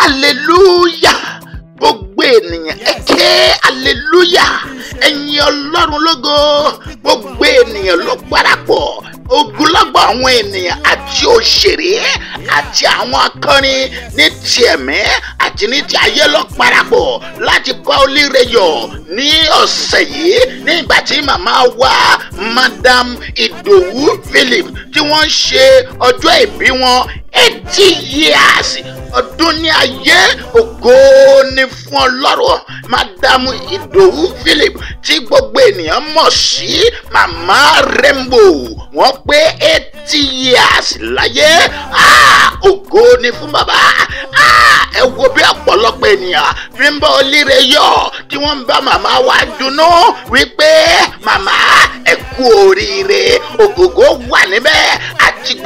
Hallelujah, gbogbo ènìyàn ẹ ké aleluya ẹ̀yin ọlọ́run lógo gbogbo ènìyàn ló parapọ̀ ogunlọ́gbọ̀ àwọn ènìyàn àti òṣèré àti àwọn akọrin ní ti ẹ̀mí àti ní ti ayé ló parapọ̀ láti bá olíire yọ̀ ní ọ̀sẹ̀ yìí nígbà tí màmá wa madam Idowu Philip tí wọ́n ń ṣe ọjọ́ ìbí wọn eighty years ọdún ní ayé ògo ni fún ọlọ́run Madame Idowu philip tí gbogbo ènìyàn mọ̀ sí mama rainbow wọ́n pé eighty years láyé ah, ògo ni fún bàbá ah, ẹ wo bí ọ̀pọ̀lọpọ̀ ènìyàn fi ń bá olíre yọ̀ tí wọ́n ń bá mama wa dunnú wípé màmá ẹ kú oríire ògògó wà níbẹ̀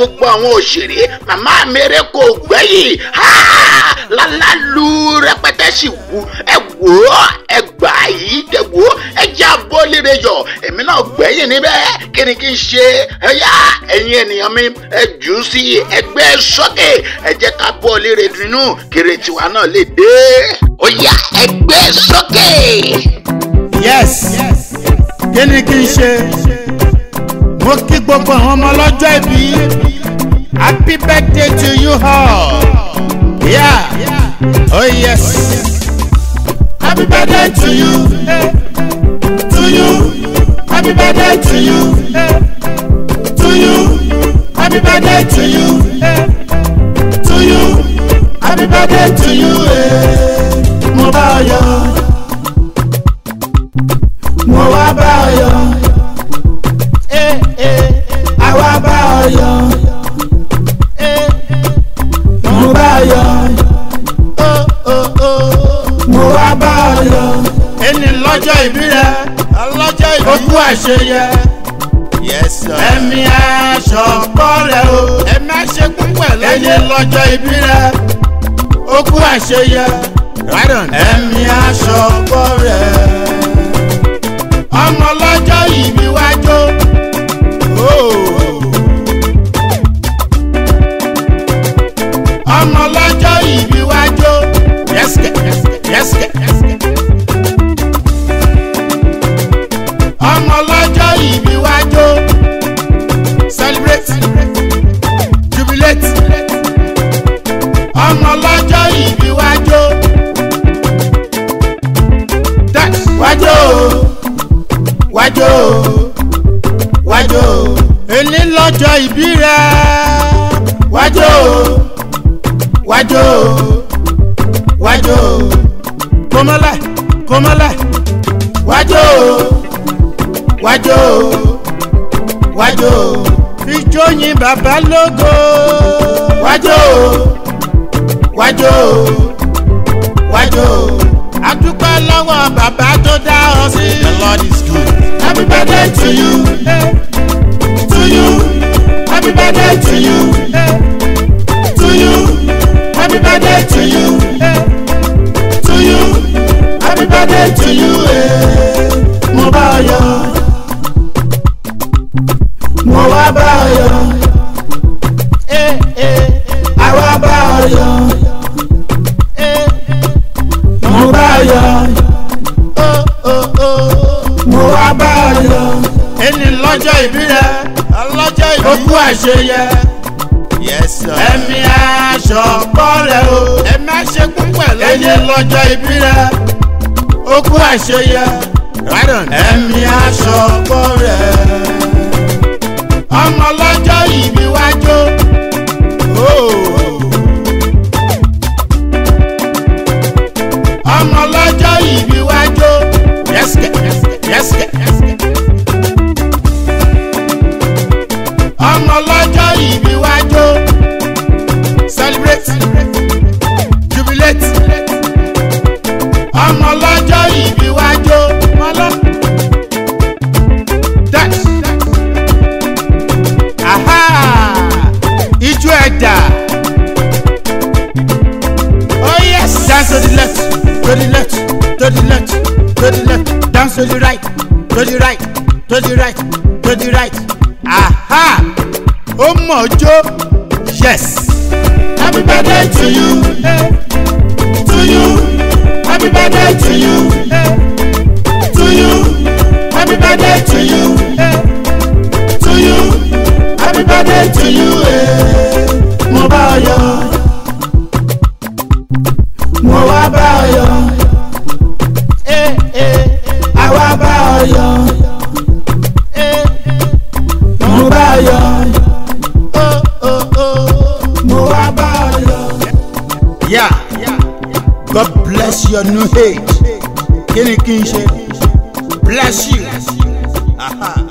gbogbo àwọn òṣèré màmá mèrè kò gbẹ́yìn lálálù rẹpẹtẹ sì wù ẹ wò ó ẹ gbà yìí ẹ wò ó ẹ jẹ́ abọ́lére yọ èmi náà gbẹ́yìn níbẹ̀ kí ni kí n ṣe ẹ̀yà ẹ̀yin ènìyàn mi ẹ jù ú sí ẹgbẹ́ sókè ẹ jẹ́ ká bọ́lére nínú kiri tiwa náà lè dé ó yá ẹgbẹ́ sókè. yes kí ni kí n ṣe mo kí gbogbo àwọn ọmọ ọlọ́jọ́ ìbí. Happy birthday to you all. Yeah. Oh yes. Happy birthday to you. To you. Happy birthday to you. To you. Happy birthday to you. To you. Happy birthday to you. ìbí rẹ ọlọ́jọ́ ìbí ogún àṣeyẹ ẹ̀mí aṣọ pọ́ rẹ o ẹ̀mí aṣẹ́gun pẹ̀lú ẹ̀yẹ lọ́jọ́ ìbí rẹ ogún àṣeyẹ ẹ̀mí aṣọ pọ́ ọmọ lọ́jọ́ ìbí wájú. Oh. ọmọ lọ́jọ́. ìbí rẹ. wájò wájò wájò kọmọlẹ kọmọlẹ wájò wájò wájò ìjọyìn bàbá lógo. wájò wájò wájò a dúpẹ́ lọ́wọ́ bàbá tó dá ọ sí. the lord is good. happy birthday to you. yìí ó kú àṣeyẹ. ẹ̀mí aṣọ pọ̀ rẹ̀ o. ẹ̀mí aṣẹ́gun pẹ̀lú. eyín lọ́jọ́ ìbí rẹ̀ ó kú àṣeyẹ. ẹ̀mí aṣọ pọ̀ rẹ̀. ọmọ lọ́jọ́ ìbí to the left, to the left, dance to the right, to the right, to the right, to the right. Aha! Ó mọ̀ Yes. Happy birthday to you, to you. Happy birthday to you, to you. Happy birthday to you, to you. Happy birthday to you. Eh. Mo bá God bless your new age. Kenny Kinshé, bless you. Aha.